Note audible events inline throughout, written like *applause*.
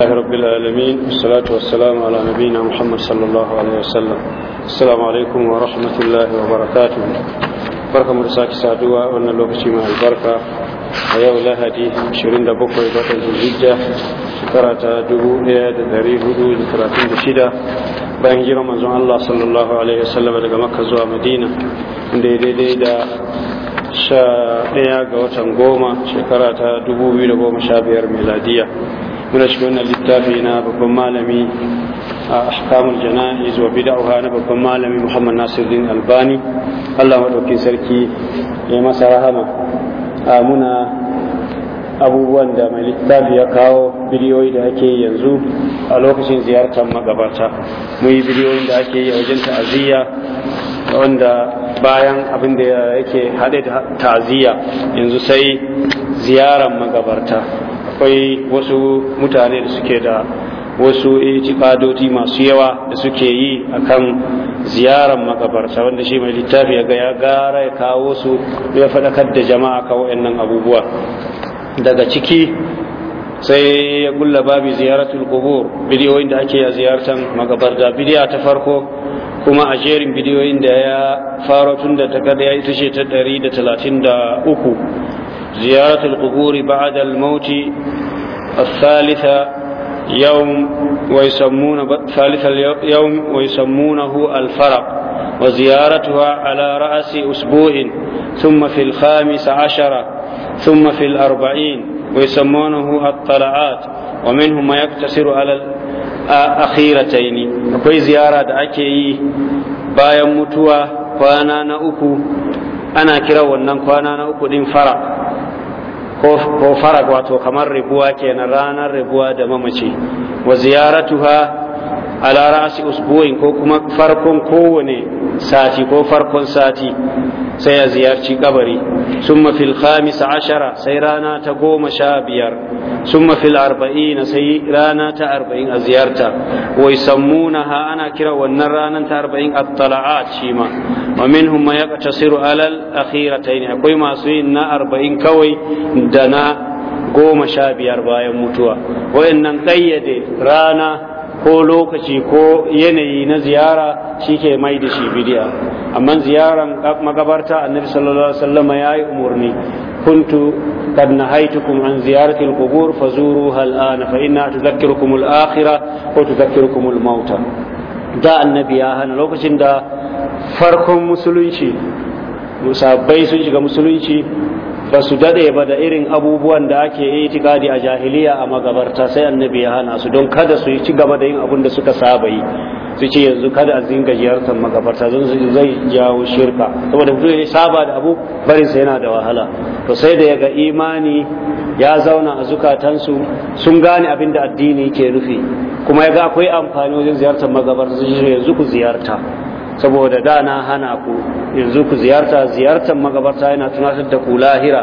الله رب العالمين والصلاة والسلام على نبينا محمد صلى الله عليه وسلم السلام عليكم ورحمة الله وبركاته بركة مرساك سادوا وأن الله بسيما البركة ayau lahadi ashirin da bakwai watan zuzijja shekara dubu daya da dari hudu da talatin da shida bayan jira manzon Allah sallallahu daga makka zuwa madina inda daidai da sha daya ga watan goma shekara ta dubu biyu da goma sha biyar miladiya muna shiga wannan littafi na babban malami a ahkamul jana'iz wa bid'aha na babban malami Muhammad Nasiruddin Albani Allah madaukin sarki ya masa rahama a muna abubuwan da mai littafi ya kawo bidiyoyi da ake yanzu a lokacin ziyartar magabata mu yi bidiyoyin da ake yi a wajen ta'aziyya wanda bayan abin da yake haɗe da taziya yanzu sai ziyarar magabarta akwai wasu mutane da suke da wasu itikadoti masu yawa da suke yi a kan ziyarar makabarta wanda shi mai littafi ga ya gara ya kawo su ya faɗakar da jama'a ka nan abubuwa daga ciki sai ya gulla babi ziyaratul qubur bidiyoyin da ake ziyartar magabarta bidiya ta farko kuma a jerin bidiyoyin da ya faro tun da ta ya ita ce ta 133 زيارة القبور بعد الموت الثالثة يوم ويسمون ثالث يوم ويسمونه الفرق وزيارتها على رأس أسبوع ثم في الخامس عشرة ثم في الأربعين ويسمونه الطلعات ومنهم ما يقتصر على الأخيرتين أكوي زيارة أكي بايا متوى وانا نأكو أنا كرا ونن وانا نأكو دين فرق ko farag wato kamar ribuwa kenan ranar ribuwa da mamaci wa ziyaratuha ala ra'asi usbu'in ko kuma farkon kowane sati ko farkon sati sai ya ziyarci kabari summa fil khamis ashara sai rana ta goma sha biyar summa fil arba'ina sai rana ta arba'in a ziyarta wa Ha ana kira wannan ranan ta arba'in at-tala'at shi ma wa minhum ma yaqtasiru alal akhiratayn akwai masu yin na arba'in kawai da na goma sha biyar bayan mutuwa wayannan kayyade rana ko lokaci ko yanayi na ziyara shi ke mai da shi bidiya amma ziyaran magabarta annabi sallallahu alaihi wasallam ya yi umarni kuntu قد نهيتكم عن زيارة القبور فزوروها الآن فإنها تذكركم الآخرة وتذكركم الموتى da annabi ya hana lokacin da farkon musulunci musabbai sun shiga musulunci ba su dade ba da irin abubuwan da ake itikadi a jahiliya a magabarta sai annabi ya hana su don kada su ci gaba da yin abin da suka saba yi su ce yanzu kada a zinga ziyartar magabarta don zai jawo shirka saboda mutum ya saba da abu barin sa yana da wahala to sai da ya ga imani ya zauna a zukatansu sun gane abin da addini ke nufi kuma yaga akwai amfani wajen ziyartar magabarta su ce yanzu ku ziyarta saboda da na hana ku yanzu ku ziyarta ziyartar magabarta yana tunatar da ku lahira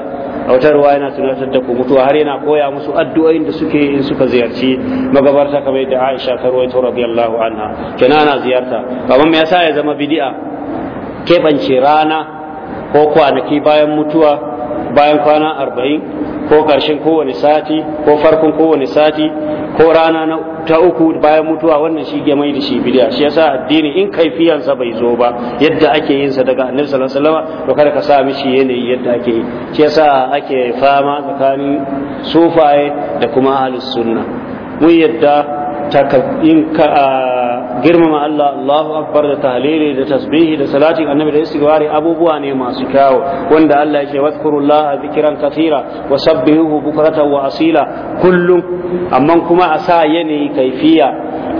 autarwa yana tunatar da ku mutuwa har yana koya musu addu'o'in da suke in suka ziyarci magabarta kamar da Aisha ta rawaito radiyallahu anha kenan ana ziyarta amma me yasa ya zama bid'a keɓance rana ko kwanaki bayan mutuwa bayan kwana arba'in ko ƙarshen kowane sati ko farkon kowane sati ko rana ta uku bayan mutuwa wannan shi gemai mai da shi bidiya shi yasa addini in kaifiyansa bai zo ba yadda ake yin sa daga annabi sallallahu alaihi wasallam to kada ka sa mishi yanayi yadda ake yi shi yasa ake fama tsakanin sufaye da kuma ahlus sunna mun yadda ta ka in ka girmama Allah Allahu akbar da tahlili da tasbihi da salati annabi da istighfari abubuwa ne masu kyawu wanda Allah yake wadhkurullah zikran kathira wa sabbihuhu bukratan wa asila kullum amma kuma a sa yanayi kaifiya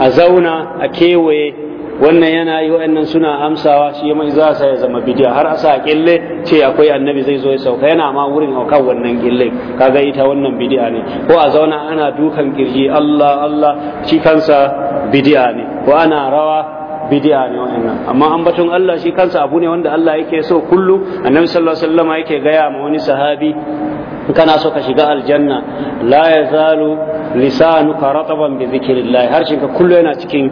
a zauna a kewaye wannan yana yi wa'annan suna amsawa shi ya za sa ya zama bidiya har a sa kille ce akwai annabi zai zo ya sauka yana ma wurin haukan wannan kille kaga ita wannan bidiya ne ko a zauna ana dukan kirji Allah Allah shi kansa bidiya ne ko ana rawa bidiya ne wa'annan amma ambaton Allah shi kansa abu ne wanda Allah yake so kullu annabi sallallahu alaihi wasallam yake gaya ma wani sahabi kana so ka shiga aljanna la yazalu lisanuka rataban bi dhikrillah ka kullu yana cikin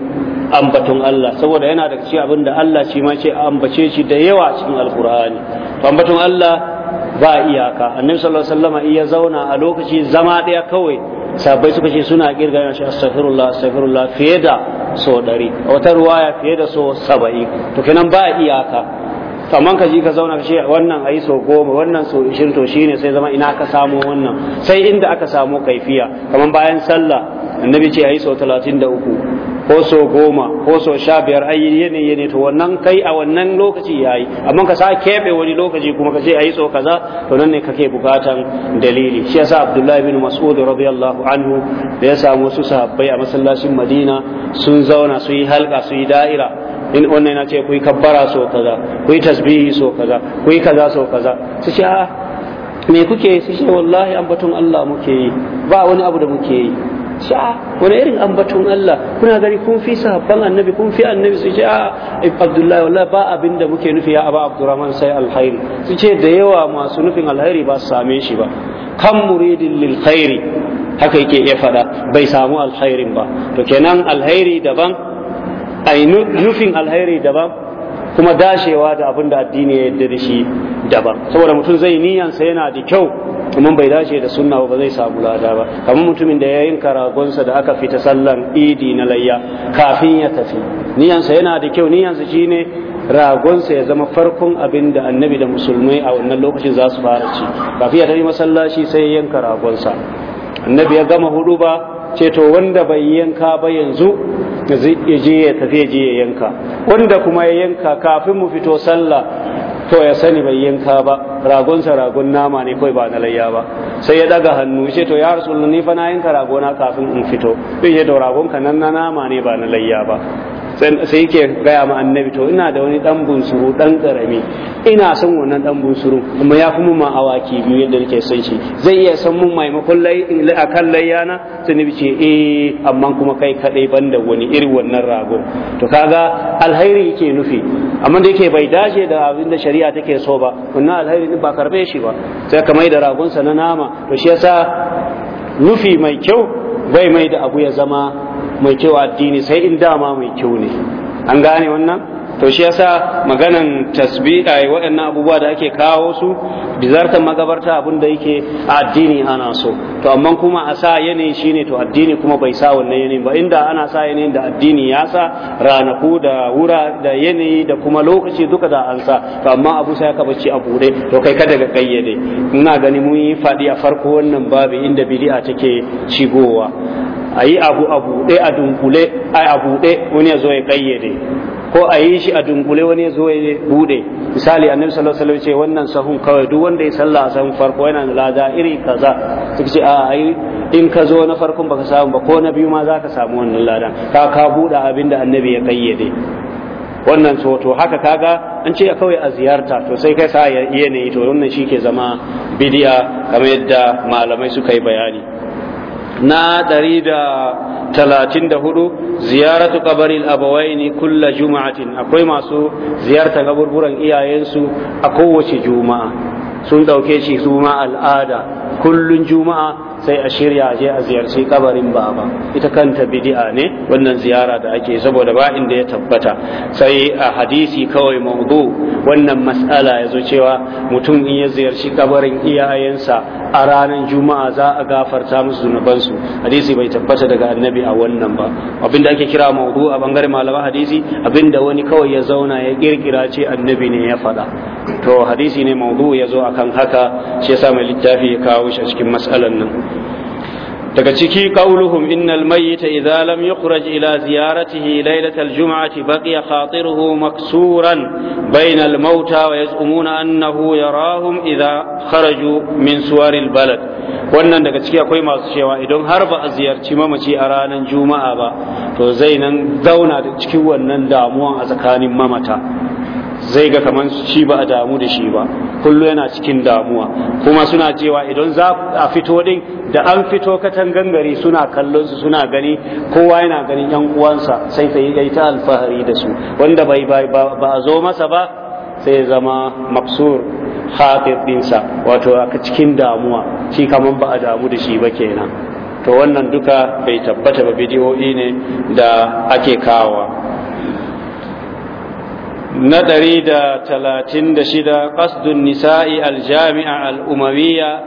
ambaton Allah saboda yana da cikin abinda Allah shi ma ce ambace shi da yawa cikin alqur'ani ambaton Allah ba iyaka annabi sallallahu alaihi wasallam iya zauna a lokaci zama daya kawai sabai suka ce suna kirga shi astaghfirullah astaghfirullah fiye da so dari wata ruwaya fiye da so 70 to kenan ba iyaka amma ka ji ka zauna ka ce wannan ayi so goma wannan so ishirin to shine sai zama ina ka samu wannan sai inda aka samu kaifiya kamar bayan sallah annabi ce ayi so talatin da uku ko so goma ko so sha biyar ayi yene yene to wannan kai a wannan lokaci yayi amma ka sa keɓe wani lokaci kuma ka ce ayi so kaza to nan ne kake bukatan dalili shi yasa Abdullahi bin Mas'ud radiyallahu anhu da ya samu wasu sahabbai a masallacin Madina sun zauna su yi halka su yi da'ira in wannan yana ce ku yi kabbara so kaza ku yi tasbihi so kaza ku yi kaza so kaza su ce a me kuke su ce wallahi ambaton Allah muke yi ba wani abu da muke yi a wani irin ambaton Allah kuna gari kun fi sahabban annabi kun fi annabi su ce a Abdullahi wallah ba abin da muke nufi ya aba Abdurrahman sai alkhairi su ce da yawa masu nufin alkhairi ba su same shi ba kan muridin lil haka yake iya faɗa bai samu alkhairin ba to kenan alkhairi daban ai nufin alkhairi daban kuma dashewa da abin da addini ya yarda da shi daban saboda mutum zai niyansa yana da kyau kuma bai dace da sunna ba zai samu lada ba kamar mutumin da ya yanka ragonsa da aka fita sallan idi na layya kafin ya tafi niyansa yana da kyau niyansa shine ragonsa ya zama farkon abinda annabi da musulmai a wannan lokacin za su fara ci kafin ya tafi masallaci sai ya yanka ragonsa annabi ya gama hudu ba ce to wanda bai yanka ba yanzu ya je ya tafi ya je ya yanka wanda kuma ya yanka kafin mu fito sallah to ya sani bai yanka ba ragonsa ragon nama ne kawai ba na layya ba sai ya daga hannu ce to ya rasu ni fa na yanka ragona kafin in fito in ya to ragon ka nan na nama ne ba na layya ba sai yake gaya ma annabi to ina da wani dan bunsuru dan karami ina son wannan dan bunsuru amma ya fi mun ma awaki biyu yadda nake son shi zai iya san mun maimakon akan layyana sai nabi ce eh amma kuma kai kadai ban da wani irin wannan rago to kaga alhairi yake nufi amma da yake bai dace da abinda shari'a take so ba wannan alhairi ba karbe shi ba sai ka mai da sa na nama to shi yasa nufi mai kyau bai mai da abu ya zama mai kyau addini sai in dama mai kyau ne an gane wannan to shi yasa maganan tasbiha waɗannan abubuwa da ake kawo su bizartan magabarta abin da yake a addini ana so to amma kuma a sa yanayi shine to addini kuma bai sa wannan yanayin ba inda ana sa yanayin da addini ya sa ranaku da wura da yanayi da kuma lokaci duka da an sa to amma abu sai ka bacci a bude to kai kada ga kayyade ina gani mun yi faɗi a farko wannan babu inda bid'a take cigowa a yi abu a buɗe a dunkule a buɗe wani ya zo ya kayyade ko a yi shi a dunkule wani zo ya bude misali annabi sallallahu alaihi ce wannan sahun kawai duk wanda ya sallah a sahun farko yana da lada iri kaza suka ce a ai in ka zo na farkon baka samu ba ko na biyu ma za ka samu wannan ladan ka ka bude abin da annabi ya kayyade wannan so to haka kaga an ce kawai a ziyarta to sai kai sa ya to wannan shi ke zama bidiya kamar yadda malamai suka yi bayani na ɗari da talatin da hudu ziyaratu kabarin abawaini kulla juma'atin akwai masu ziyartar gaburburan iyayensu a kowace juma'a sun ɗauke shi zuma al'ada kullun juma'a sai a shirya je a ziyarci kabarin baba ita kanta bid'a ne wannan ziyara da ake saboda ba inda ya tabbata sai a hadisi kawai mawdu wannan mas'ala ya zo cewa mutum in ya ziyarci kabarin iyayensa a ranar juma'a za a gafarta musu zunubansu hadisi bai tabbata daga annabi a wannan ba abinda ake kira mawdu a bangaren malaman hadisi abinda wani kawai ya zauna ya kirkira ce annabi ne ya faɗa to hadisi ne mawdu ya zo akan haka shi yasa mai littafi ya kawo shi a cikin matsalar nan daga ciki qauluhum innal mayyita idza lam yukhraj ila ziyaratihi laylatal jum'ati baqiya khatiruhu maksuran bayna al mauta wa yaz'umuna annahu yarahum idza kharaju min suwaril balad wannan daga ciki akwai masu cewa idan har ba a ziyarci mamaci a ranar juma'a ba to zai nan zauna da cikin wannan damuwa a tsakanin mamata zai ga kamar shi ba a damu da shi ba kullu yana cikin damuwa kuma suna cewa idan za a fito din da an fito katangan gari suna kallon su suna gani kowa yana ganin yan uwansa sai sai yi ta alfahari da su wanda bai ba a zo masa ba sai zama maksur hatir dinsa wato a cikin damuwa shi kamar ba a damu da shi ba kenan to wannan duka bai tabbata ba bidiyo'i ne da ake kawo na ɗari da talatin da shida ƙasdun nisa'i aljami'a al'umawiya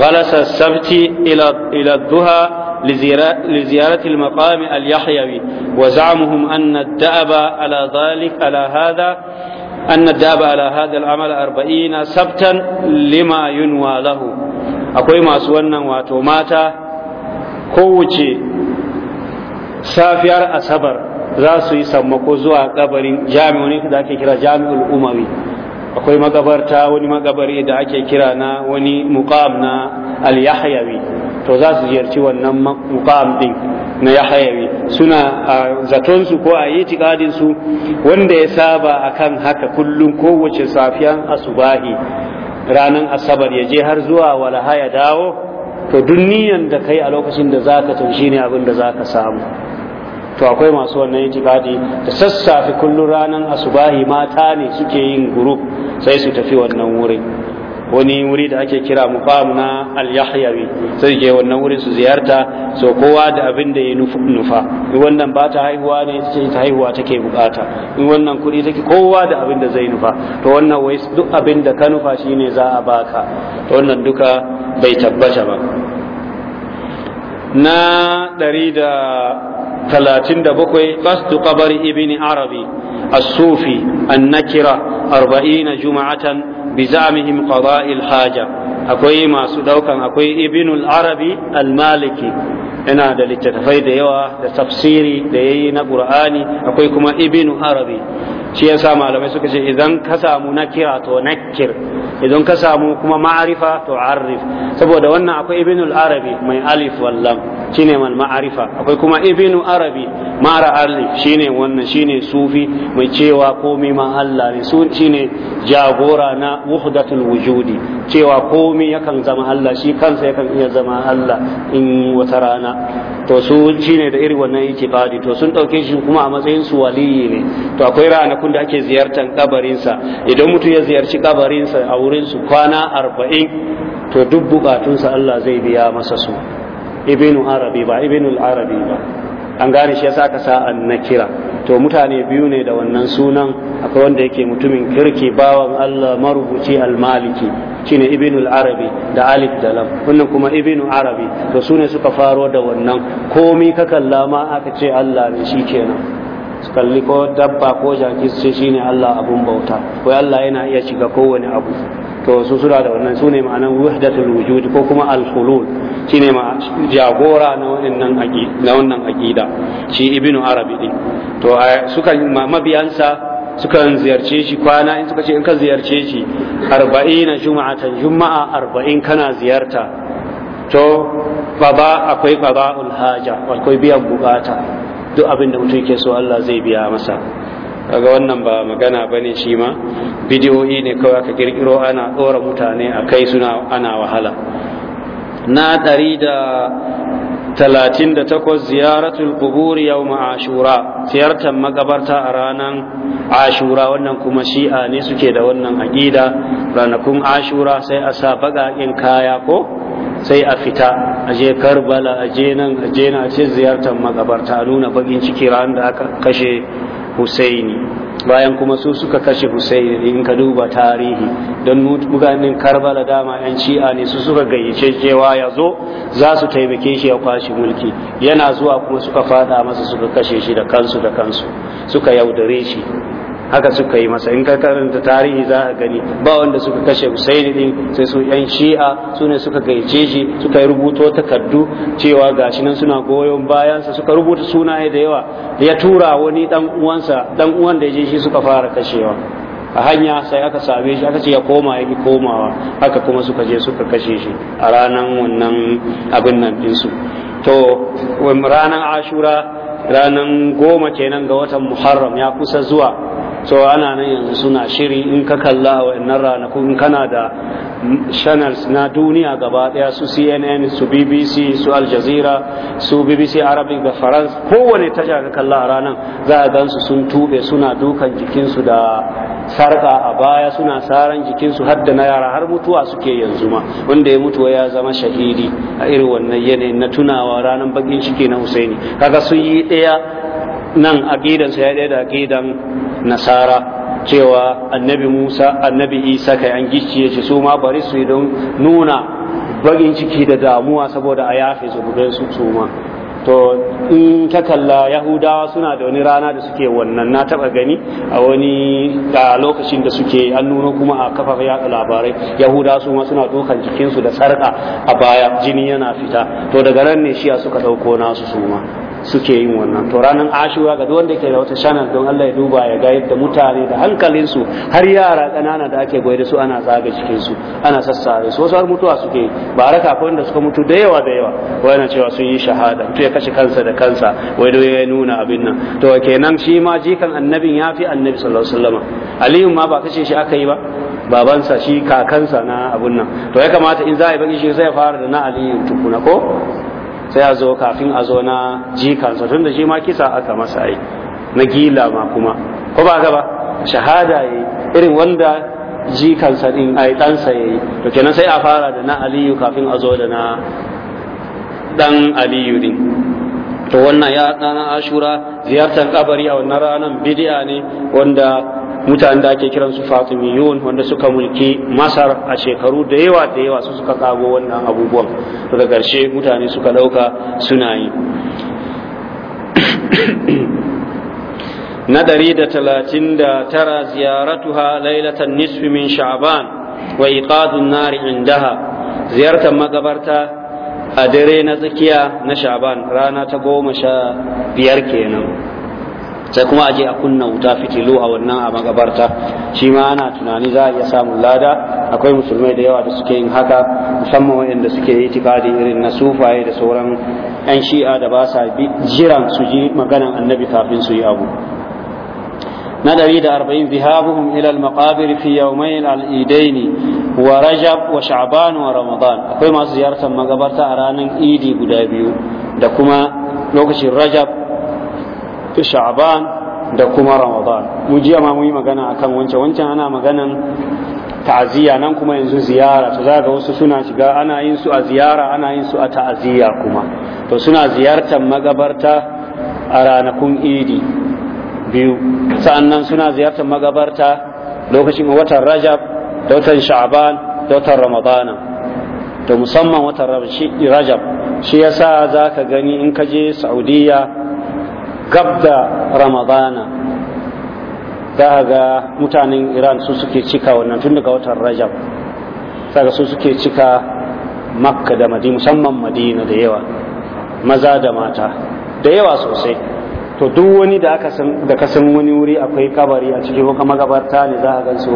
ghalasa sabti ila duha liziyaratil maqami al-yahyawi wa za'amuhum anna da'aba ala dhalik ala da'aba ala hadha al-amal 40 sabtan lima yunwa akwai masu wannan wato mata kowace safiyar asabar za su yi sammako zuwa kabarin ne da ake kira jami'ul umawi akwai magabarta wani magabari da ake kira na wani muqam na al-yahyawi to za su ziyarci wannan muqam din na yahyawi, suna a zaton su ko a itikadin su wanda ya saba akan haka kullum kowace safiyan asubahi Ranan asabar ya je har zuwa walaha ya dawo to duk da kai a lokacin da zaka to shine abin da zaka samu to akwai masu wannan itikadi da sassafe kullum ranar asubahi mata ne suke yin group sai su tafi wannan wurin wani wuri da ake kira muqam na al-yahyawi sai ke wannan wurin su ziyarta so kowa da abin da ya nufa in wannan ba ta haihuwa ne ce ta haihuwa take bukata in wannan kuɗi take kowa da abin da zai nufa to wannan wai duk abin da ka nufa shine za a baka to wannan duka bai tabbata ba na ɗari da talatin da bakwai qasdu qabri ibn arabi as-sufi an na arba'ina juma'atan bi za'mihim qada'i al-haja akwai masu daukan akwai ibn al-arabi al-maliki Ina da littattafai da yawa da tafsiri da ya yi na qur'ani akwai kuma Ibinu arabi shi sa malamai suka ce idan ka samu nakira to nakir idan ka samu kuma ma'arifa to arif saboda wannan akwai Ibinu arabi mai alif wallam shine mal ma'arifa akwai kuma Ibinu arabi mara alif shine wannan shine sufi mai cewa komi ma Allah ne shine jagora na wahdatul wujudi cewa komi yakan zama Allah shi kansa yakan iya zama Allah in wata rana to su ne da irin wannan fadi to sun ɗauke shi kuma a matsayin su waliyi ne to akwai ranakun da ake ziyartar kabarinsa idan mutum ya ziyarci kabarinsa a wurin su kwana arba'in to duk bukatunsa Allah zai biya masa su ibnu arabi ba ibnu arabi ba an gane shi yasa aka sa annakira to mutane biyu ne da wannan sunan akwai wanda yake mutumin kirki bawan Allah marubuci al-maliki shine ibnul arabi da alif da lam wannan kuma ibnu arabi to sune suka faro da wannan komi ka kalla ma aka ce Allah ne kenan, su kalli ko dabba ko jaki su ce shine Allah abun bauta ko Allah yana iya shiga kowane abu to su suna da wannan sune ma'anan wahdatul wujud ko kuma al-hulul shine ma jagora na wannan aqida na wannan aqida shi ibnu arabi din to suka mabiyansa sukan ziyarce shi kwana in suka ce in ka ziyarce shi 40 juma'atan juma'a arba'in kana ziyarta to baba akwai baba'ul haja akwai biyan bukata duk abin da mutum ke so Allah zai biya masa kaga wannan ba magana bane shi ma bidiyoyi ne kawai aka kirkiro ana ɗora mutane a kai suna ana wahala na ɗari da talatin da takwas ziyaratul kuburi yau ashura ziyartar makabarta a ranar ashura wannan kuma shi'a ne suke da wannan aƙida ranakun ashura sai a sa baƙaƙen kaya ko sai a fita a je karbala a je nan a je na ce ziyartar makabarta a nuna baƙin ciki ranar da aka kashe husaini bayan kuma su suka kashe husaini in ka duba tarihi don mutanen karbala dama yan shi'a ne su suka gayyace cewa ya zo za su taimake shi ya kwashe mulki yana zuwa kuma suka fada masa suka kashe shi da kansu da kansu suka yaudare shi haka suka yi masa in ka karanta tarihi za a gani ba wanda suka kashe Husaini din sai su yan Shi'a su ne suka gaice shi suka yi rubuto takardu cewa gashi nan suna goyon bayansa suka rubuta sunaye da yawa ya tura wani dan uwansa dan uwan da ya je shi suka fara kashewa a hanya sai aka same shi aka ce ya koma ya bi komawa haka kuma suka je suka kashe shi a ranar wannan abin nan ɗinsu to ranar ashura Ranan goma kenan ga watan muharram ya kusa zuwa so ana nan yanzu suna shiri in ka kalla a wayannan ranaku in kana da channels na duniya gaba daya su cnn su bbc su al jazeera su bbc arabic da france kowane tasha ka kalla a ranar za a gansu sun tube suna dukan jikinsu da sarka a baya suna saran jikinsu har da na yara har mutuwa suke yanzu ma wanda ya mutuwa ya zama shahidi a irin wannan yanayin na tunawa ranar bakin ciki na husaini kaga sun yi ɗaya nan a gidansa ya ɗaya da gidan nasara cewa annabi Musa annabi Isa kai an gicciye shi su ma bari su don nuna bagin ciki da damuwa saboda a yafe su gobe su su ma to in ka kalla yahudawa suna da wani rana da suke wannan na taba gani a wani a lokacin da suke an nuna kuma a kafafa yaɗa labarai yahudawa su ma suna dokan jikinsu da sarka a baya jini yana fita to daga nan ne shiya suka ɗauko nasu su ma suke yin wannan to ranar ashura ga duk wanda ke da wata shanar don Allah ya duba ya ga yadda mutane da hankalinsu har yara kanana da ake goyi da su ana zaga cikin su ana sassare su wasu har mutuwa suke ba raka akwai wanda suka mutu da yawa da yawa wai cewa sun yi shahada to ya kashe kansa da kansa wai da ya nuna abin nan to kenan shi ma jikan annabin ya fi annabi sallallahu alaihi wasallam aliyu ma ba kashe shi aka yi ba babansa shi kakansa na abun nan to ya kamata in za a yi baki shi sai ya fara da na aliyu tukuna ko sai a zo kafin a zo na jikansa tun da shi ma kisa aka masa ai na gila ma kuma ko ba ka ba shahada yi irin wanda jikansa din ai sa yayi to kenan sai a fara da na aliyu kafin a zo da na dan aliyu din to wannan ya dan ashura ziyartar kabari a wannan ranar bidiya ne wanda mutanen da ake kiran su fatimiyun wanda suka mulki masar a shekaru da yawa da yawa su suka kago wannan abubuwan daga ƙarshe mutane suka ɗauka suna yi na ɗari da talatin da tara ha lailatan nisfi min sha'ban wa iqadun nari indaha ziyartar magabarta a dare na tsakiya na sha'ban rana ta goma sha biyar kenan sai kuma aje a kunna wuta fitilu a wannan a magabarta shi ma ana tunani za a iya samun lada akwai musulmai da yawa da suke yin haka musamman waɗanda suke yi tikadi irin na sufaye da sauran yan shi'a da ba sa jiran su ji maganan annabi kafin su yi abu na ɗari da arba'in zihabuhum ila al-maqabir fi yawmayn al wa rajab wa sha'ban wa ramadan akwai masu ziyartar magabarta a ranar idi guda biyu da kuma lokacin rajab sha'ban da kuma ramadan mu jiya ma muyi magana akan wancan wancan ana maganan ta'aziyya nan kuma yanzu ziyara to ga wasu suna shiga ana yin su a ziyara ana yin su a ta'aziyya kuma to suna ziyartar magabarta a ranakun idi biyu sa'annan suna ziyartar magabarta lokacin watan rajab da watan sha'ban da watan ramadana to musamman watan rajab shi yasa zaka gani in ka je saudiya gab da ramadana za ga mutanen iran su suke cika wannan tun daga watan rajab za su suke cika makka da madina musamman madina da yawa maza da mata da yawa sosai to duk wani da aka san da ka san wani wuri akwai kabari a cikin kuma gabarta ne za a gan su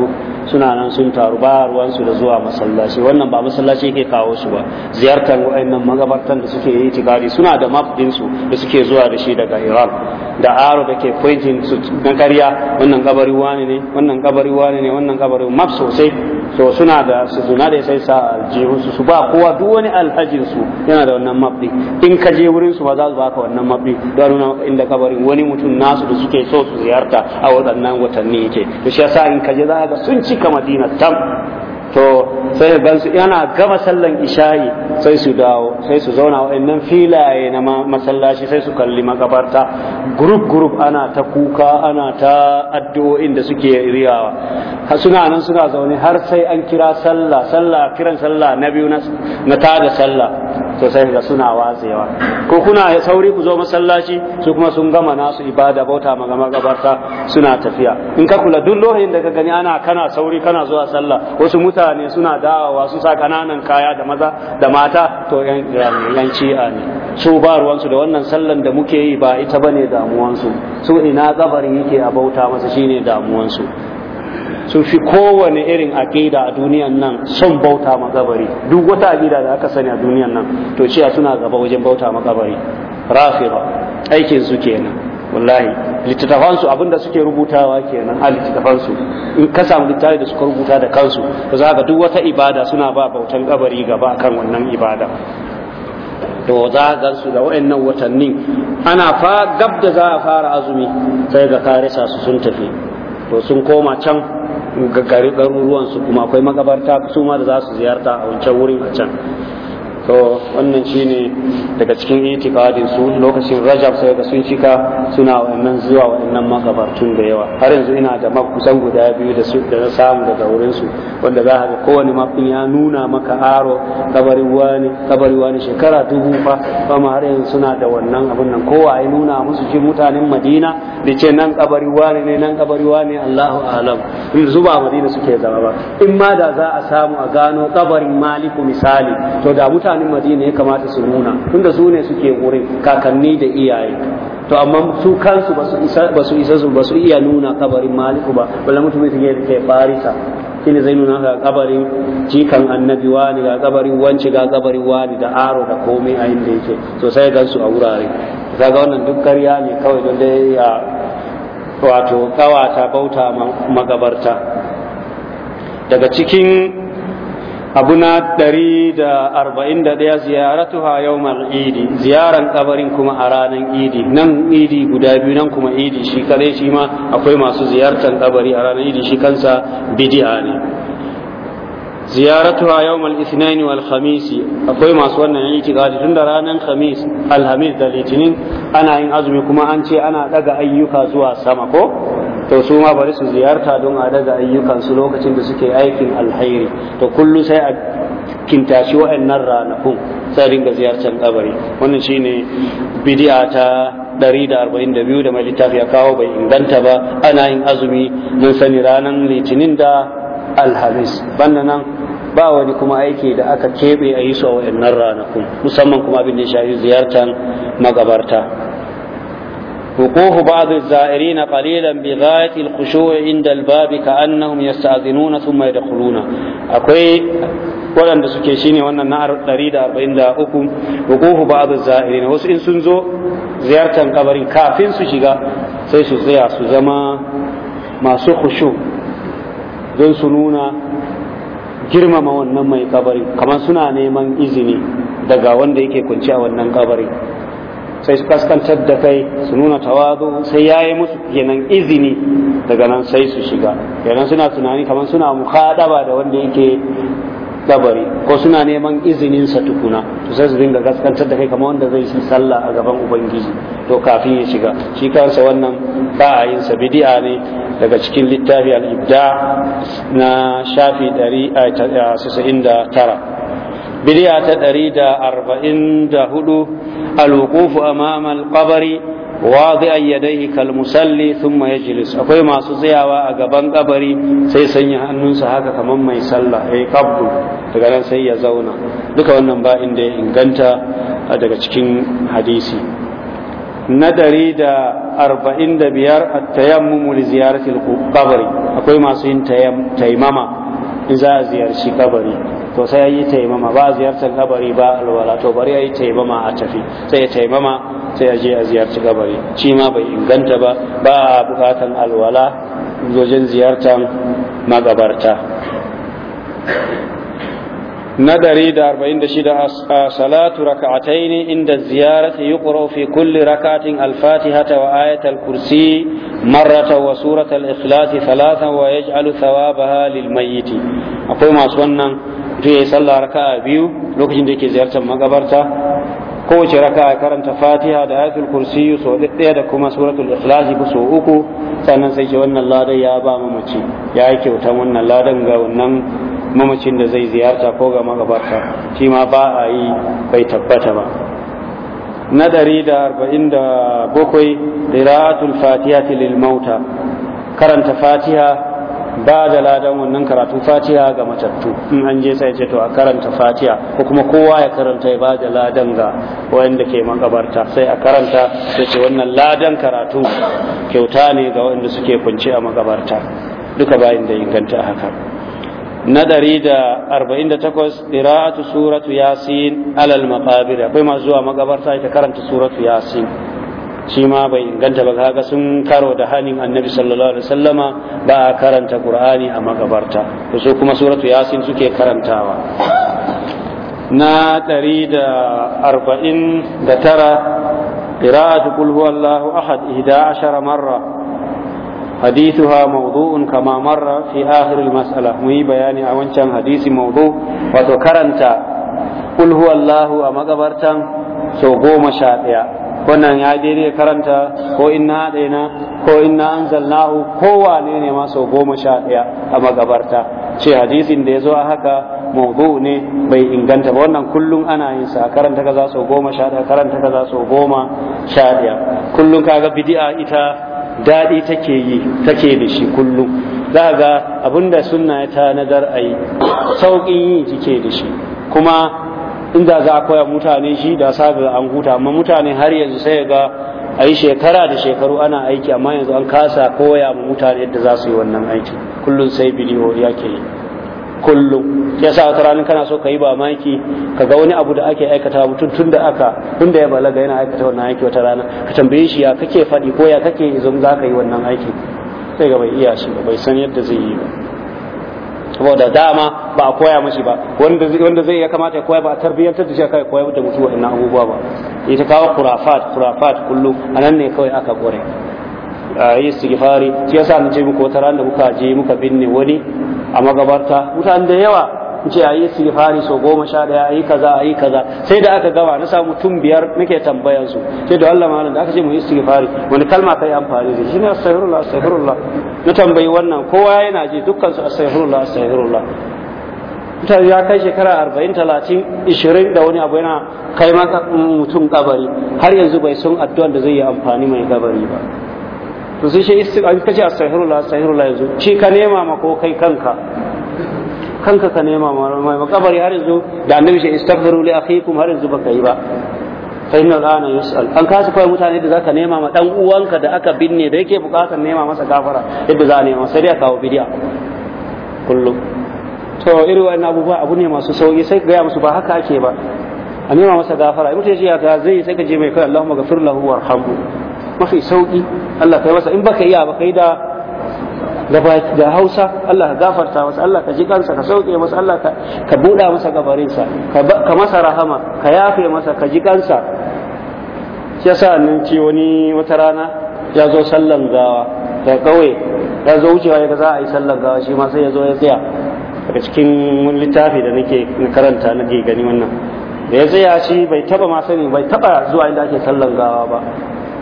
suna nan sun taru ba ruwan su da zuwa masallaci wannan ba masallaci yake kawo su ba ziyartar wayannan magabartan da suke yi tikari suna da map din su da suke zuwa da shi daga Iran da aro da ke pointing su na karya wannan kabari wani ne wannan kabari wani ne wannan kabari map sosai to suna da su zuna da sai sa aljihun su su ba kowa duk wani alhajin su yana da wannan map din in ka je wurin su ba za su baka wannan map din don nuna inda kabari labarin wani mutum nasu da suke so su ziyarta a waɗannan watanni yake to shi yasa in kaje za ga sun cika madina tam to sai ban su yana gama sallan isha'i sai su dawo sai su zauna wa'annan filaye na masallaci sai su kalli makabarta group group ana ta kuka ana ta addu'o'in da suke riyawa suna nan suna zaune har sai an kira sallah sallah kiran sallah na biyu na tada sallah to sai ga suna watsewa ko kuna sauri ku zo masallaci su kuma sun gama nasu ibada bauta ma gama gabarta suna tafiya in ka kula duk lokacin da ka gani ana kana sauri kana zuwa sallah wasu mutane suna dawowa sun sa kananan kaya da maza da mata to yan ci'a ne su ba ruwansu da wannan sallan da muke yi ba ita bane damuwansu su ina kabari yake a bauta masa shine damuwansu sun fi kowane irin aƙida a duniyan nan son bauta makabari duk wata aƙida da aka sani a duniyan nan to cewa suna gaba wajen bauta makabari rafira aikin su kenan wallahi littattafan su abinda suke rubutawa kenan a littattafan in ka samu littafi da suka rubuta da kansu to za ka duk wata ibada suna ba bautan kabari gaba kan wannan ibada to za a su da wa'annan watannin ana fa gab da za a fara azumi sai ga karisa su sun tafi to sun koma can garuruwan su kuma akwai magabarta su ma da za su ziyarta a wancan wurin a can to wannan shi ne daga cikin itikadin su lokacin rajab sai ga sun cika suna wannan zuwa wannan makabartun da yawa har yanzu ina da kusan guda biyu da su da na samu daga wurin su wanda za ga kowane mafin ya nuna maka aro kabari wani kabari wani shekara dubu fa kuma har yanzu suna da wannan abun nan kowa ya nuna musu shi mutanen Madina da ce nan kabari wani ne nan kabari wani Allahu alam yanzu ba Madina suke zama ba in ma da za a samu a gano kabarin Maliku misali to da mutane mutanen madina ya kamata su nuna tunda su ne suke wurin kakanni da iyaye to amma su kansu ba su isa ba su iya nuna kabarin maliku ba balla mutum yake ke farisa shine zai nuna ga kabarin jikan annabi wani ga kabarin wance ga kabarin wani da aro da komai a inda yake to sai gan su a wurare kaga wannan duk ƙarya ne kawai don dai ya wato kawata bauta magabarta daga cikin abuna na ɗari da arba'in da ɗaya ziyaratu ha yau idi ziyaran kabarin kuma a ranar idi nan idi guda biyu nan kuma idi shi kadai shi ma akwai masu ziyartar kabari a ranar idi shi kansa bidi'a ne ziyaratu ha yau mal'isnani wal khamisi akwai masu wannan itikadi tun da ranar khamis alhamis da litinin ana yin azumi kuma an ce ana ɗaga ayyuka zuwa sama ko to su ma bari su ziyarta don a daga ayyukansu lokacin da suke aikin alhairi to kullu sai a kintashi wa'annan ranakun sai ringa ziyartar kabari wannan shine bid'a ta 142 da mai littafi ya kawo bai inganta ba ana yin azumi mun sani ranar litinin da alhamis banda nan ba wani kuma aiki da aka keɓe a yi su a wa'annan ranakun musamman kuma abin da ya shafi ziyartar magabarta وقوف بعض الزائرين قليلا بغاية الخشوع عند الباب كأنهم يستأذنون ثم يدخلون أكوي waɗanda suke shine wannan na 143 wuqufu ba'd az-za'irin wasu in sun zo ziyartar kabarin kafin su shiga sai su tsaya su zama masu khushu don su nuna girmama wannan mai kabarin kamar suna neman izini daga wanda yake kunci a wannan kabarin sai su kaskantar da kai su nuna tawazu sai ya yi musu kenan izini daga nan sai su shiga kenan suna tunani kamar suna mukhadaba da wanda yake ɗabari ko suna neman izinin sa tukuna to sai su dinga gaskantar da kai kamar wanda zai yi sallah a gaban ubangiji to kafin ya shiga shi kansa wannan ba a yin sa bid'a ne daga cikin littafi al-ibda na shafi 199 bidiya ta ɗari da arba'in da hudu alwukufu amama alƙabari wa zai ayyadai kalmusalli sun ma akwai masu tsayawa a gaban ƙabari sai sanya hannunsa haka kamar mai sallah ya eh, yi kabdu daga nan sai ya zauna duka wannan ba inda ya inganta daga cikin hadisi na ɗari da arba'in da biyar a tayammumu li ziyaratil kabari akwai masu yin taimama in za a ziyarci kabari to sai yayi taimama ba ziyartar kabari ba alwala to bari yayi taimama a tafi sai ya taimama sai ya je a ziyarci kabari shi ma bai inganta ba ba bukatan alwala wajen ziyartar magabarta na ɗari da arba'in da shida a salatu raka'ataini inda ziyarati yuqra fi kulli raka'atin al-fatihata wa ayatal kursi marrata wa suratal ikhlasi thalathan wa yaj'alu thawabaha lil mayyiti akwai masu wannan to ya yi sallah raka'a biyu lokacin da yake ziyartar magabarta kowace raka'a karanta fatiha da ayatul kursi so ɗaya da kuma suratul ikhlas ba so uku sannan sai ce wannan ladan ya ba mamaci ya yi kyautan wannan ladan ga wannan mamacin da zai ziyarta ko ga magabarta shi ma ba a yi bai tabbata ba na ɗari da arba'in da bakwai qira'atul fatiha lil mauta karanta fatiha ba da ladan wannan karatu fatiha ga matattu in an je sai ce to a karanta fatiha ko kuma kowa ya karanta ya ba da ladan ga wanda ke makabarta sai a karanta sai ce wannan ladan karatu kyauta ne ga wanda suke kunce a makabarta duka bayin da inganta haka na ɗari da arba'in da suratu yasin alal maqabir akwai masu zuwa makabarta ita karanta suratu yasin shi ma bai inganta ba kaga sun karo da hanin annabi sallallahu alaihi wasallama ba a karanta qur'ani a magabarta, to su kuma suratu yasin suke karantawa na ɗari da arba'in da tara قراءة قل هو الله أحد إحدى عشر مرة حديثها موضوع كما مر في آخر المسألة مي بيان أوانشان حديث موضوع وتكرنت قل هو الله أما قبرتا سو قوم wannan ya daidai karanta ko inna na ko inna anzalnahu ko wane ne ma sau goma sha ɗaya a magabarta ce hadisin da ya zo a haka mawdu ne bai inganta ba wannan kullum ana yin sa karanta kaza sau goma sha ɗaya karanta kaza sau goma sha ɗaya kullum kaga bidi'a ita daɗi take yi take da shi kullum za ga abinda sunna ya tanadar a yi sauƙin yi take da shi kuma inda za a koya mutane shi da sabi an huta amma mutane har yanzu sai ga a yi shekara da shekaru ana aiki amma yanzu an kasa koya ma mutane yadda za su yi wannan aiki kullum sai bidiyo ya ke yi kullum ya sa wata ranar kana so ka yi mamaki ka ga wani abu da ake aikata mutum tun da aka tun da ya balaga yana aikata wannan aiki wata rana ka tambaye shi ya kake faɗi ko ya kake izon za ka yi wannan aiki sai ga bai iya shi ba bai san yadda zai yi ba saboda dama ba a koya mashi ba wanda zai wanda ya kamata ya koya ba a tarbiyyantar da shi kai koya da mutuwa ina abubuwa ba ita kawo kurafat kurafat kullu nan ne kawai aka gore yi istighfari shi yasa na ce muku wata ran da muka je muka binne wani a magabarta mutane da yawa ce a yi sifari so goma sha ɗaya a yi kaza a yi kaza sai da aka gama na samu tun biyar nake tambayar su sai da Allah malam da aka ce mu yi sifari wani kalma kai amfani da shi ne astaghfirullah astaghfirullah na tambayi wannan kowa yana ji dukkan su astaghfirullah astaghfirullah mutane ya kai shekara arba'in talatin ishirin da wani abu yana kai maka mm, mutum kabari har yanzu bai san addu'an da zai yi amfani mai kabari ba to sai shi istighfar kace astaghfirullah astaghfirullah yanzu shi ka nema ma ko kai kanka kanka ka nema mai makabari har yanzu da annabi shi istaghfiru li akhikum har yanzu baka yi ba fa inna al'ana yus'al an kasu kai mutane da zaka nema ma dan uwanka da aka binne da yake bukatar nema masa gafara yadda za a nema sai ya kawo bidiya kullum to irin wannan abubuwa abu ne masu sauki sai ga ya musu ba haka ake ba a nema masa gafara in mutum ya ga zai sai ka je mai kai Allahumma ghafir lahu warhamhu mafi sauki Allah kai masa in baka iya ba kai da da hausa Allah ka gafarta masa Allah ka ji kansa ka sauke masa Allah ka buɗa masa gabarinsa ka masa rahama ka yafe masa ka ji kansa shi yasa nan ce wani wata rana ya zo sallan gawa da kauye ya zo wucewa ya za a yi sallan gawa shi ma sai ya zo ya tsaya daga cikin wani littafi da nake karanta nake gani wannan da ya tsaya shi bai taba ma sani bai taba zuwa inda ake sallan gawa ba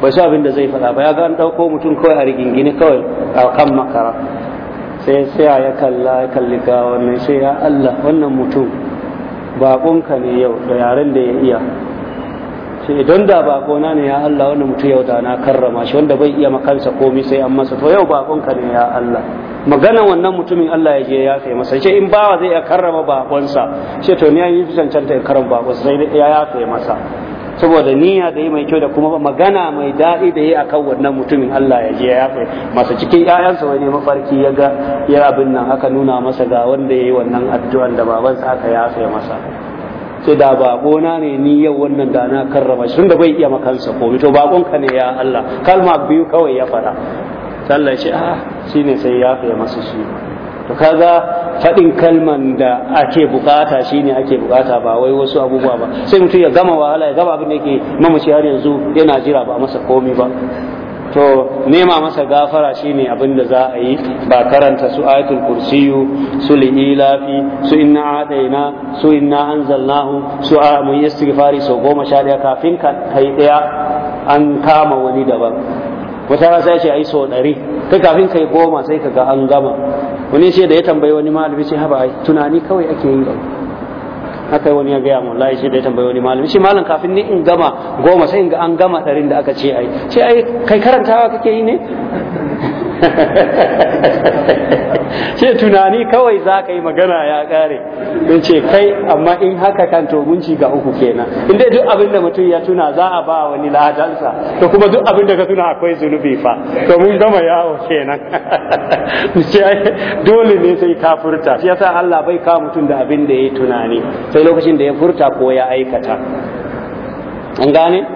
bai so abin da zai faɗa ba ya ga an ɗauko mutum kawai a rigingine kawai a kan makara sai sai ya kalla ya kalli gawa sai ya Allah wannan mutum baƙonka ne yau da yaren da ya iya sai idan da baƙona ne ya Allah wannan mutum yau da na karrama shi wanda bai iya makansa komai sai an masa to yau baƙonka ne ya Allah magana wannan mutumin Allah ya je ya kai masa sai in bawa zai iya karrama baƙonsa sai to ne an yi ya karrama baƙonsa sai ya ya kai masa saboda niyya da yi mai kyau da kuma magana mai daɗi da yi akan wannan mutumin Allah ya je ya yafe masa cikin ƴaƴansa wani mafarki ya ga ya abin nan aka nuna masa ga wanda ya yi wannan addu'an da babansa aka yafe masa sai da baƙona ne ni yau wannan da na karrama shi tunda bai iya makansa komai to baƙonka ne ya Allah kalma biyu kawai ya faɗa Sallah ya ce a ah, shine sai ya yafe masa shi to kaga faɗin kalman da ake bukata shine ake bukata ba wai wasu abubuwa ba sai mutum ya gama wahala ya gama abin da yake mamaci har yanzu yana jira ba masa komi ba to nema masa gafara shine abin da za a yi ba karanta su ayatul kursiyu su lilafi su inna adaina su inna anzalnahu su a mun istighfari sau goma sha daya kafin ka kai daya an kama wani daban wata rana sai ce ai sau ɗari kai kafin kai goma sai ka ga an gama wani ce da ya tambayi wani malami ce haba tunani kawai ake yi haka wani ya gaya mu wallahi shi da ya tambayi wani malami shi malam kafin ni in gama goma sai in ga an gama ɗarin da aka ce ai ce ai kai karantawa kake yi ne *laughs* ce tunani kawai za ka yi magana ya kare in ce kai amma in haka kan to gunci ga uku kenan in dai duk abin mutum ya tuna za a ba wani ladansa to kuma duk abinda ka tuna akwai zunubi fa to mun gama yawo kenan *laughs* dole ne sai ka furta shi yasa Allah bai ka mutum da abin da ya yi tunani sai lokacin da ya furta ko ya aikata an gane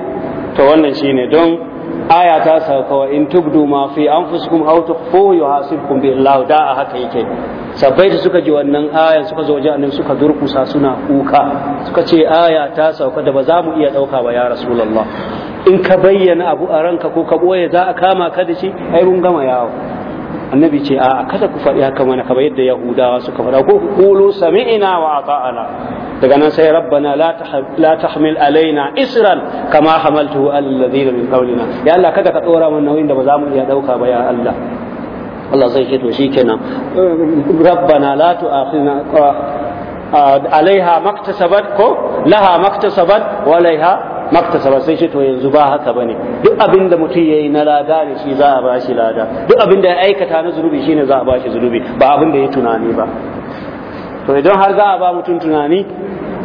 to wannan shine don aya ta sauka wa in tubdu ma fi anfusikum aw tukhfuhu yuhasibkum bi Allah da a haka yake sabbai da suka ji wannan aya suka zo wajen annabi suka durkusa suna kuka suka ce aya ta sauka da ba za mu iya dauka ba ya rasulullah in ka bayyana abu a ranka ko ka boye za a kama ka da shi ai mun gama yawo annabi ce a kada ku faɗi haka mana kamar yadda yahudawa suka faɗa ko qulu sami'na wa ata'ana daga nan sai rabbana la tahmil alaina isran kama hamaltu alladhina min qawlina ya Allah kada ka dora mana nauyin da ba za mu iya dauka ba ya Allah Allah zai ce to shikenan rabbana la tu'akhina alaiha maktasabat ko laha maktasabat wa alaiha ba sai shi to yanzu ba haka bane duk abin da mutum yayi na lada ne shi za a ba shi lada duk abin da ya aikata na zunubi shine za a ba shi zunubi ba abin da ya tunani ba to idan har za a ba mutum tunani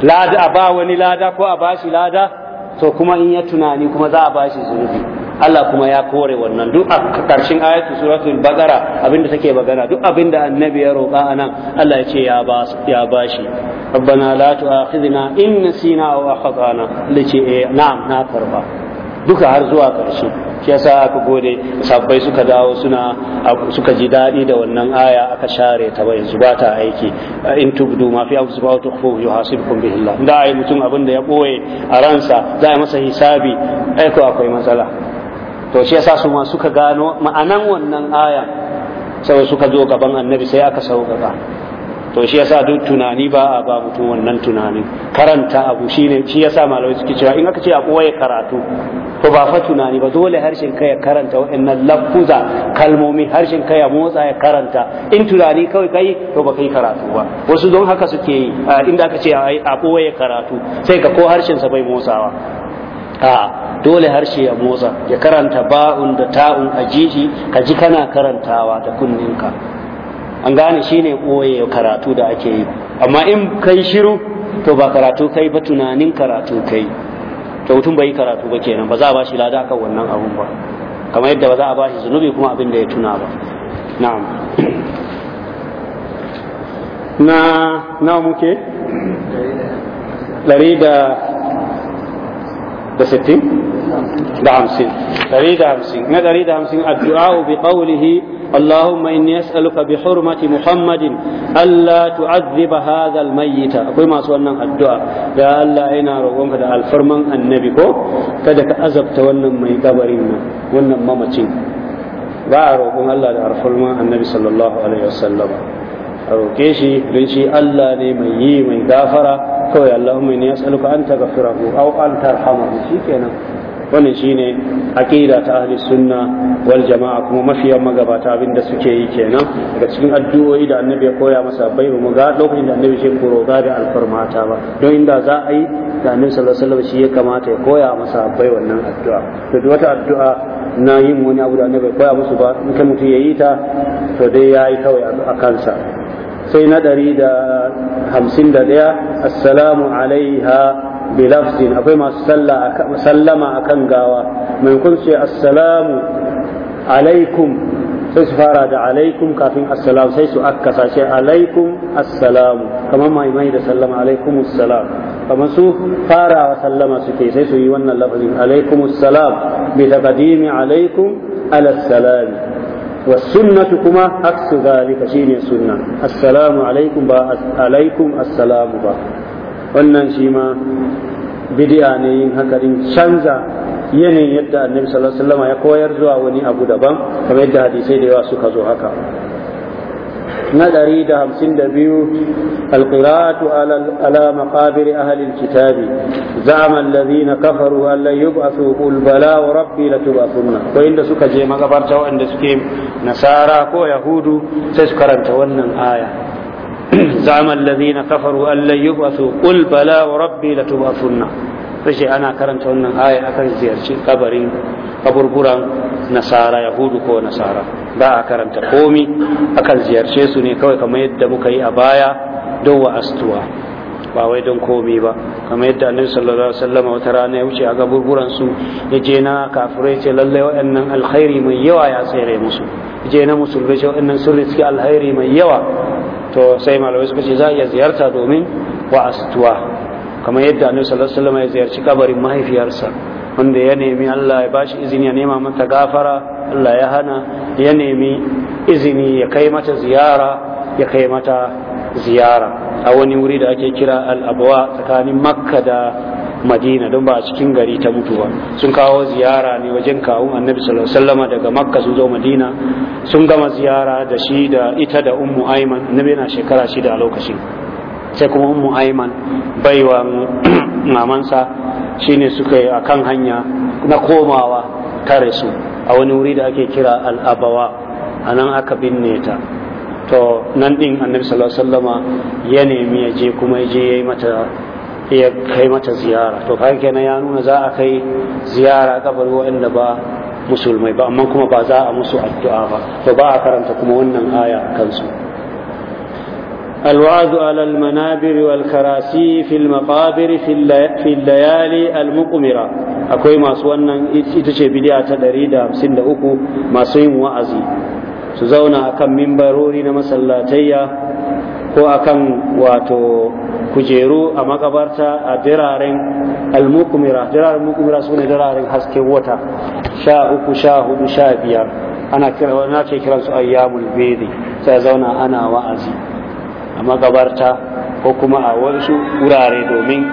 lada a ba wani lada ko a ba shi lada to kuma in ya tunani kuma za a ba shi zunubi Allah kuma ya kore wannan duk a karshen ayatu suratul baqara abinda take magana duk abinda annabi ya roƙa anan Allah ya ce ya ba ya bashi rabbana la tu'akhidhna in nasina aw akhtana lace eh na'am na karba duka har zuwa karshe shi yasa aka gode sabbai suka dawo suna suka ji daɗi da wannan aya aka share ta ba yanzu ta aiki in tubdu ma fi anfusikum aw tukhfu yuhasibkum bihi Allah da ai mutum abin da ya boye a ransa za a masa hisabi aiko akwai matsala to shi yasa su ma suka gano ma'anan wannan aya sai suka zo gaban annabi sai aka sauƙaƙa to shi yasa duk tunani ba a ba mutum wannan tunanin karanta abu shine shi yasa malamai suke cewa in aka ce abu karatu to ba fa tunani ba dole harshen ka ya karanta wa'annan lafuza kalmomi harshen ka ya motsa ya karanta in tunani kawai kai to ba kai karatu ba wasu don haka suke yi inda aka ce a koya karatu sai ka ko harshen sa bai motsawa a dole harshe ya motsa ya karanta ba'un da ta'un a jiji ka ji kana karantawa da kunninka an gane shine ɓoye karatu da ake yi amma in kai shiru to ba karatu kai ba tunanin karatu kai to mutum bai karatu ba kenan ba za a bashi lada kan wannan abun ba kamar yadda ba za a bashi zunubi kuma abin da ya tuna ba na'am na na muke da sittin da hamsin ɗari da hamsin na ɗari da hamsin addu'a bi qawlihi اللهم إني أسألك بحرمة محمد ألا تعذب هذا الميت أقول ما سوالنا الدعاء يا الله إنا روانك دا الفرمان النبي كو كذا كأزب تولنا ما يقبرنا ولنا ما متين با روان الله دا الفرمان النبي صلى الله عليه وسلم أروكيشي لنشي الله ني من يي من غافرة kawai Allahumma ya tsaluka an taghfirahu au an tarhamahu shikenan wannan shine aqida ta ahli sunna wal jama'a kuma mafiya magabata abinda suke yi kenan daga cikin addu'o'i da annabi ya koya masa bai mu ga lokacin da annabi ce koro ga da alfarmata ba don inda za a yi da annabi sallallahu alaihi shi ya kamata ya koya masa bai wannan addu'a to wata addu'a na yin wani abu da annabi ya koya musu ba in kan mutum ya yi ta to dai ya kawai a kansa sai na ɗari da hamsin da ɗaya assalamu alaiha bilafzin akwai masu sallama a kan gawa mai kun ce assalamu alaikum sai su fara da alaikum kafin assalamu sai su akka sashe alaikum assalamu kamar mai mai da sallama alaikum assalam kamar su fara wa sallama suke sai su yi wannan lafazin alaikum assalam bi taqdimi alaikum ala salami والسنة كما عكس ذلك شيني السنة السلام عليكم با عليكم السلام با wannan shi ma bidiya ne yin hakarin canza yanayin yadda annabi sallallahu alaihi wasallam ya koyar zuwa wani abu daban kamar yadda hadisai da yawa suka zo haka na ɗari da hamsin da biyu alƙiratu ala maƙabir ahalin kitabi zaman lazina kafaru allah yi ba su ulbala wa rabbi la tuba sunna ko inda suka je magabarta wanda suke nasara ko yahudu sai su karanta wannan aya *clears throat* zaman lazina kafaru allah yi ba su ulbala wa rabbi la tuba sunna sai ana karanta wannan aya akan ziyarci kabarin kaburburan nasara yahudu ko nasara ba a karanta komi akan ziyarce su ne kawai kamar yadda muka yi a baya don wa astuwa ba wai don komi ba kamar yadda annabi sallallahu alaihi wasallam wata rana ya wuce a gaburburan su ya je na kafirai ce lallai wa'annan alkhairi mai yawa ya tsere musu je na musulmai ce wa'annan sirri suke alkhairi mai yawa to sai malamai suka ce za a iya ziyarta domin wa astuwa kamar yadda annabi sallallahu alaihi wasallam ya ziyarci kabarin mahaifiyarsa wanda ya nemi Allah ya bashi izini ya nema mata gafara Allah ya hana ya nemi izini ya kai mata ziyara ya kai mata ziyara a wani wuri da ake kira al'abuwa tsakanin makka da madina don ba a cikin gari ta mutu ba sun kawo ziyara ne wajen kawun annabi sallallahu alaihi daga makka sun zo madina sun gama ziyara da shi da ita da ummu aiman annabi yana shekara shida a lokacin sai kuma ummu aiman baiwa *clears throat* mamansa Shi ne suka yi a kan hanya na komawa tare su a wani wuri da ake kira al'abawa a nan aka binne ta to nan ɗin annabi sallallahu sallama ya nemi ya je kuma ya je ya kai mata ziyara to kai kenan ya nuna za a kai ziyara kabarin waɗanda ba musulmai ba amma kuma ba za a musu addu'a ba to ba a karanta kuma wannan aya kansu الوعد على المنابر والكراسي في المقابر في الليالي المقمرة أكوي ما سوانا إتشي بديعة تدريدة بسند أكو ما سوين وعزي سزونا أكم من بروري نمسلاتية ko kan wato kujeru a makabarta a diraren almukumira diraren mukumira su ne diraren hasken wata sha uku sha hudu sha biyar ana kira na ce kiransu ayyamul bedi zauna ana wa'azi a magabarta ko kuma a wasu wurare domin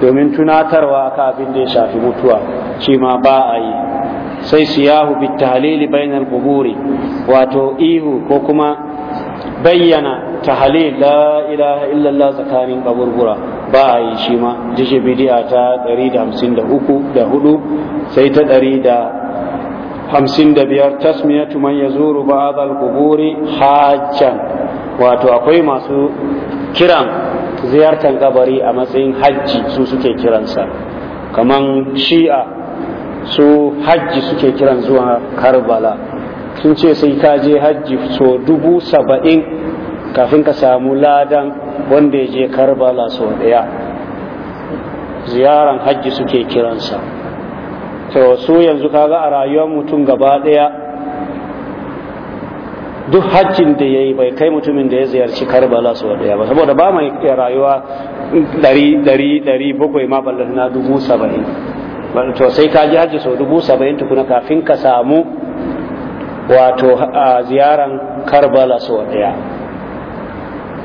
domin tunatarwa ka abin ya shafi mutuwa shi ma ba a yi sai siyahu bitalili bainal kuburi wato ihu ko kuma bayyana tahale la ilaha illallah tsakanin kaburbura ba a yi shi ma jishe bidiya ta 153 sai ta 155 tasmiyatu man yazuru ba'd quburi hajjan wato akwai masu kiran ziyartar kabari a matsayin hajji su suke kiransa kaman shi'a su hajji suke kiran zuwa karbala sun ce sai ka je hajji so dubu saba'in kafin ka samu ladan wanda ya je karbala sau ɗaya ziyaran hajji suke kiransa to su yanzu kaga a rayuwar mutum gaba ɗaya duk hajjin da ya yi bai kai mutumin da ya ziyarci karbala sau ɗaya ba saboda ba mai rayuwa ɗari ɗari ɗari bakwai ma ballar na dubu saba'in to sai ka ji hajji sau dubu saba'in tukuna kafin ka samu wato a ziyaran karbala sau ɗaya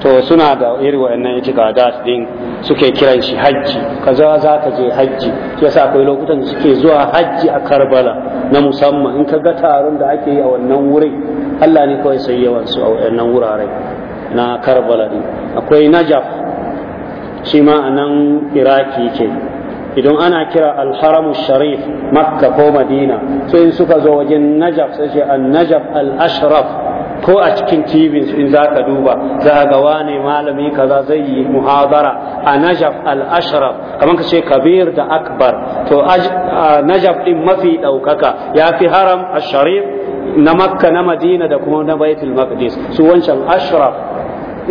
to suna da irin wa'annan itikadat din suke kiran shi hajji kaza za ka je hajji yasa akwai lokutan da suke zuwa hajji a Karbala na musamman in ka ga taron da ake yi a wannan wurin Allah ne kawai sai yawan su a wa'annan wurare na Karbala din akwai Najaf shi ma a nan Iraki ke idan ana kira alharamu sharif makka ko madina sai in suka zo wajen najaf sai ce an najaf al ashraf ko a cikin tv in za ka duba za ga wane malami kaza zai yi muhadara a najaf al-ashraf kamar ka ce kabir da akbar to najaf din mafi ɗaukaka ya fi haram asharif na makka na madina da kuma na baitul maqdis su wancan ashraf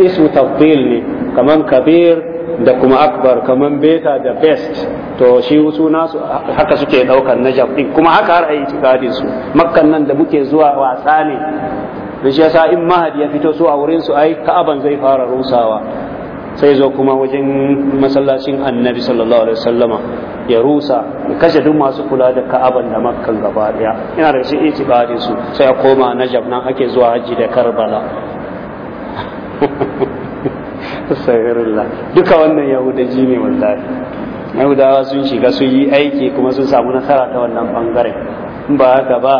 isu tafdil ne kamar kabir da kuma akbar kaman beta da best to shi suna su haka suke daukar najaf din kuma haka har ayi itikadin su makkan nan da muke zuwa wasa ne da shi yasa in mahadi ya fito su a wurin su ai ka'aban zai fara rusawa sai zo kuma wajen masallacin annabi sallallahu alaihi wasallama ya rusa ya kashe duk masu kula da ka'aban da makkan gaba daya ina da shi itibari su sai ya koma najab nan ake zuwa hajji da karbala astaghfirullah *laughs* duka wannan yahudaji ne wallahi yahudawa sun shiga sun yi aiki kuma sun samu nasara ta wannan bangare ba haka ba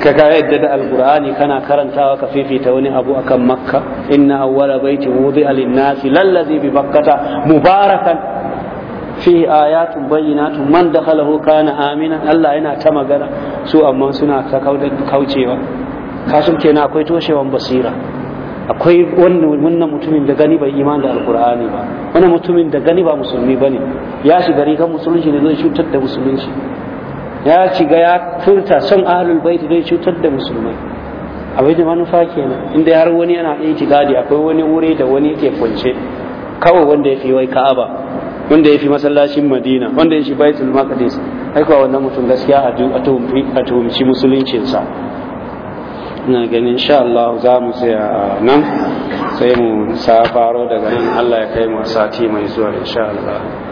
ka ga yadda da alqur'ani kana karantawa ka fifita wani abu akan makka inna awwala baiti wudi alinnasi nasi lallazi bi bakkata mubarakan fihi ayatun bayyinatun man dakhalahu kana Amina, Allah yana ta magana su amma suna ta kaucewa kasun kenan akwai toshewan basira akwai wannan mutumin da gani bai iman da alqur'ani ba wannan mutumin da gani ba musulmi bane ya shiga kan musulunci ne zai cutar da musulunci ya shiga ya furta son ahlul baiti zai cutar da musulmai abin da manufa kenan inda har wani yana itikadi akwai wani wuri da wani ke kwance kawai wanda ya fi wai ka'aba wanda ya fi masallacin madina wanda ya shi baitul maqdis aikawa wannan mutum gaskiya a tuhumci musuluncinsa ina ganin insha Allah za mu tsaya nan sai mu safaro daga nan Allah ya kai mu sati mai zuwa insha Allah